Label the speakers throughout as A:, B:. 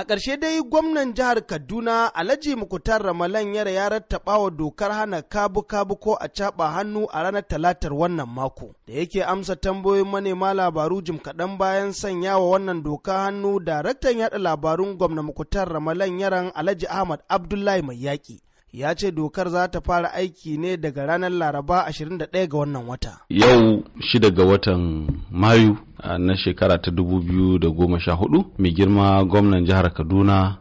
A: A ƙarshe dai gwamnan jihar Kaduna Alhaji Mukutar Ramalan yara ya rattaba wa dokar hana kabu-kabu ko a caɓa hannu a ranar talatar wannan mako. Da yake amsa tambayoyin manema labaru jim kaɗan bayan sanya wa wannan doka hannu daraktan yaɗa labarun gwamna Mukutar Ramalan yaran Alhaji Ahmad Abdullahi mai yaƙi. ya ce dokar za ta fara aiki ne daga ranar laraba 21 ga wannan wata.
B: Yau shida ga watan Mayu na shekara ta dubu biyu da goma sha hudu mai girma gwamnan jihar kaduna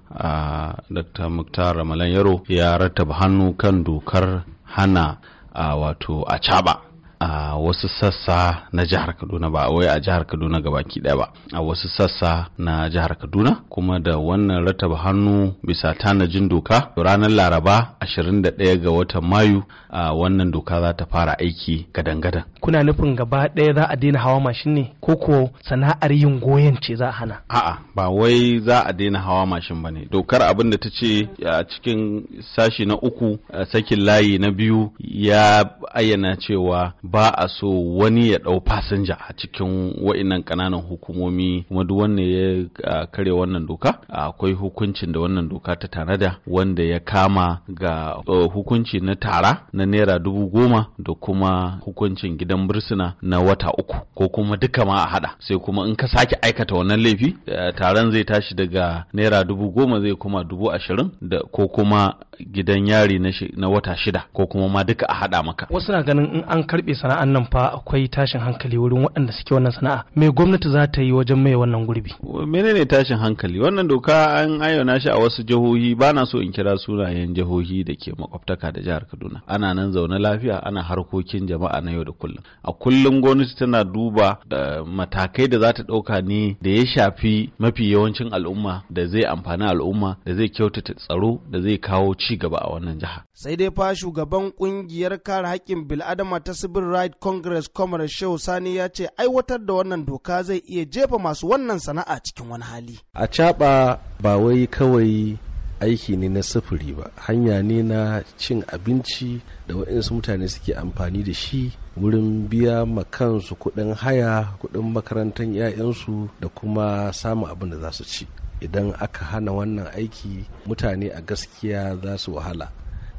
B: dr muktar ramalan yaro ya rattaba hannu kan dokar hana wato a caba a wasu sassa na jihar kaduna ba wai a jihar kaduna gabaki daya ba a wasu sassa na jihar kaduna kuma da wannan rataba hannu bisa tanajin doka ranar laraba 21 ga watan mayu a wannan doka za ta fara aiki gadan-gadan
A: kuna nufin gaba ɗaya za a daina hawa mashin ne ko ko sana'ar yin goyon ce za a hana
B: a'a ba wai za a daina hawa mashin ba ne dokar abin da ta ce a cikin sashi na uku sakin layi na biyu ya ayyana cewa ba a so wani ya ɗau fasinja a cikin wa'innan ƙananan hukumomi kuma duk wanda ya kare wannan doka akwai hukuncin da wannan doka ta tanada wanda ya kama ga hukunci na tara na naira dubu goma da kuma hukuncin gidan bursuna na wata uku ko kuma duka ma a hada sai kuma in ka sake aikata wannan laifi eh, taron zai tashi daga naira dubu goma zai kuma dubu ashirin da ko kuma gidan yari na wata shida ko kuma ma duka a haɗa maka
A: wasu na ganin in an karɓe sana'an nan fa akwai tashin hankali wurin waɗanda suke wannan sana'a me gwamnati za ta yi wajen mai wannan gurbi
B: menene tashin hankali wannan doka an ayyana shi a wasu jihohi ba na so in kira sunayen jihohi da ke makwabtaka da jihar Kaduna ana nan zaune lafiya ana harkokin jama'a na yau da kullum a kullum gwamnati tana duba da eh, matakai da za ta ɗauka ne da ya shafi mafi yawancin al'umma da zai amfani al'umma da zai kyautata tsaro da zai kawo ci ci gaba a wannan jiha.
A: Sai dai fa shugaban kungiyar kare haƙƙin bil'adama ta Civil Rights Congress Comrade Shehu Sani ya ce aiwatar da wannan doka zai iya jefa masu wannan sana'a cikin wani hali.
C: A caɓa ba wai kawai aiki ne na sufuri ba hanya ne na cin abinci da waɗansu mutane suke amfani da shi wurin biya ma kansu kuɗin haya kuɗin makarantar 'ya'yansu da kuma samun abin da za su ci idan aka hana wannan aiki mutane a gaskiya za su wahala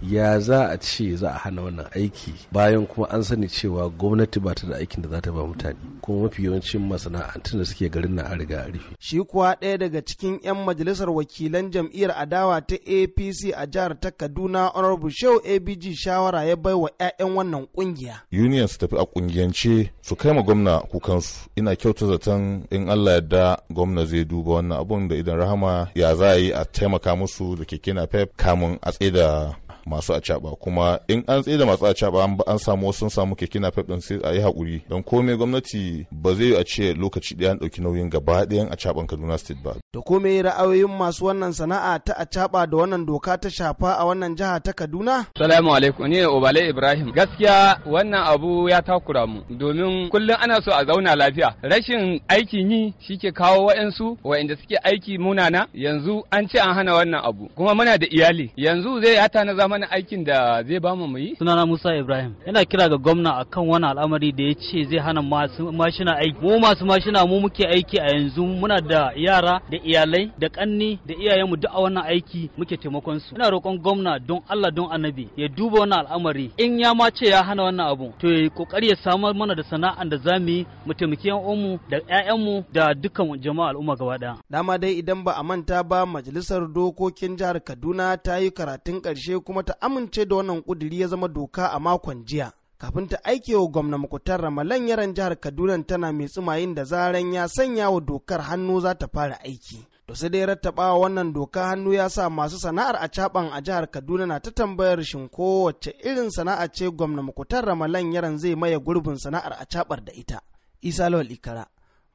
C: ya za a ce za a hana wannan aiki bayan kuma an sani cewa gwamnati ba ta da aikin da za ta ba mutane kuma mafi yawancin masana'antun da suke garin na riga rufe. shi kuwa ɗaya daga cikin 'yan
A: majalisar wakilan jam'iyyar adawa ta apc a jihar ta kaduna honorable shehu abg shawara ya bai wa 'ya'yan wannan kungiya
B: union su tafi a kungiyance su kai ma gwamna kukansu ina kyauta zaton in allah yarda gwamna zai duba wannan abun da idan rahama ya za a yi a taimaka musu da keke na pep kamun a tsaye da masu acaba kuma in an tsaye da masu acaba an samu sun samu keke na din sai a yi hakuri don komai gwamnati ba zai a ce lokaci ɗaya an ɗauki nauyin gaba ɗayan acaban Kaduna State ba.
A: Da komai ra'ayoyin masu wannan sana'a ta acaba da wannan doka ta shafa a wannan jiha ta Kaduna?
B: Salamu alaikum ni ne Obale Ibrahim. Gaskiya wannan abu ya takura mu domin kullum ana so a zauna lafiya. Rashin aikin yi shike kawo wa'insu wa'inda suke aiki munana yanzu an ce an hana wannan abu kuma muna da iyali yanzu zai hata na mana aikin da zai ba mu yi? Sunana Musa Ibrahim. yana kira ga gwamna kan wani al'amari da ya ce zai hana masu
A: mashina aiki. Mu masu mashina mu muke aiki a yanzu muna da yara da iyalai da kanni da iyayenmu duk a wannan aiki muke taimakon su. Ina roƙon gwamna don Allah don Annabi ya duba wannan al'amari. In ya ma ce ya hana wannan abu to ya kokari ya samar mana da sana'an da za mu yi mu taimaki yan uwanmu da ƴaƴanmu da dukkan jama'a al'umma gaba ɗaya. Dama dai idan ba a manta ba majalisar dokokin jihar Kaduna ta yi karatun karshe kuma kuma ta amince da wannan kuduri ya zama doka a makon jiya. Kafin ta aike wa gwamna mukutar Ramalan yaran jihar Kaduna tana mai tsumayin da zaran ya sanya wa dokar hannu za ta fara aiki. To sai dai rattaba wannan doka hannu ya sa masu sana'ar a caban a jihar Kaduna na ta tambayar shin wacce irin sana'a ce gwamna mukutar Ramalan yaran zai maye gurbin sana'ar a cabar da ita. Isa Lawal Ikara,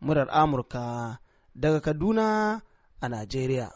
A: murar Amurka daga Kaduna a Najeriya.